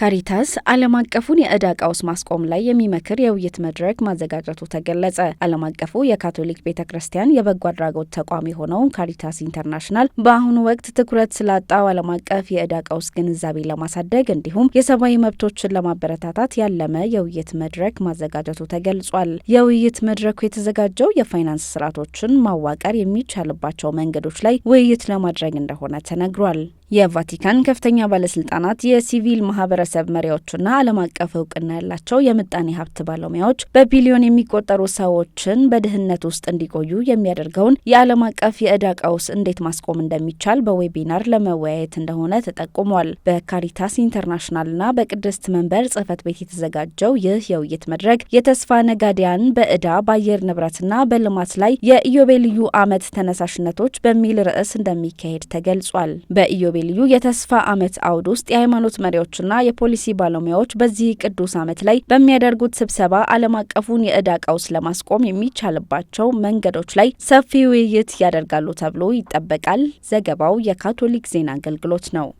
ካሪታስ ዓለም አቀፉን የዕዳ ቀውስ ማስቆም ላይ የሚመክር የውይይት መድረክ ማዘጋጀቱ ተገለጸ። ዓለም አቀፉ የካቶሊክ ቤተ ክርስቲያን የበጎ አድራጎት ተቋም የሆነው ካሪታስ ኢንተርናሽናል በአሁኑ ወቅት ትኩረት ስላጣው ዓለም አቀፍ የዕዳ ቀውስ ግንዛቤ ለማሳደግ እንዲሁም የሰብአዊ መብቶችን ለማበረታታት ያለመ የውይይት መድረክ ማዘጋጀቱ ተገልጿል። የውይይት መድረኩ የተዘጋጀው የፋይናንስ ስርዓቶችን ማዋቀር የሚቻልባቸው መንገዶች ላይ ውይይት ለማድረግ እንደሆነ ተነግሯል። የቫቲካን ከፍተኛ ባለስልጣናት የሲቪል ማህበረሰብ መሪዎችና ዓለም አቀፍ እውቅና ያላቸው የምጣኔ ሀብት ባለሙያዎች በቢሊዮን የሚቆጠሩ ሰዎችን በድህነት ውስጥ እንዲቆዩ የሚያደርገውን የዓለም አቀፍ የዕዳ ቀውስ እንዴት ማስቆም እንደሚቻል በዌቢናር ለመወያየት እንደሆነ ተጠቁሟል። በካሪታስ ኢንተርናሽናልና በቅድስት መንበር ጽህፈት ቤት የተዘጋጀው ይህ የውይይት መድረክ የተስፋ ነጋዴያን በዕዳ በአየር ንብረትና በልማት ላይ የኢዮቤልዩ ዓመት ተነሳሽነቶች በሚል ርዕስ እንደሚካሄድ ተገልጿል። በኢዮቤ ልዩ የተስፋ ዓመት አውድ ውስጥ የሃይማኖት መሪዎችና የፖሊሲ ባለሙያዎች በዚህ ቅዱስ ዓመት ላይ በሚያደርጉት ስብሰባ ዓለም አቀፉን የዕዳ ቀውስ ለማስቆም የሚቻልባቸው መንገዶች ላይ ሰፊ ውይይት ያደርጋሉ ተብሎ ይጠበቃል። ዘገባው የካቶሊክ ዜና አገልግሎት ነው።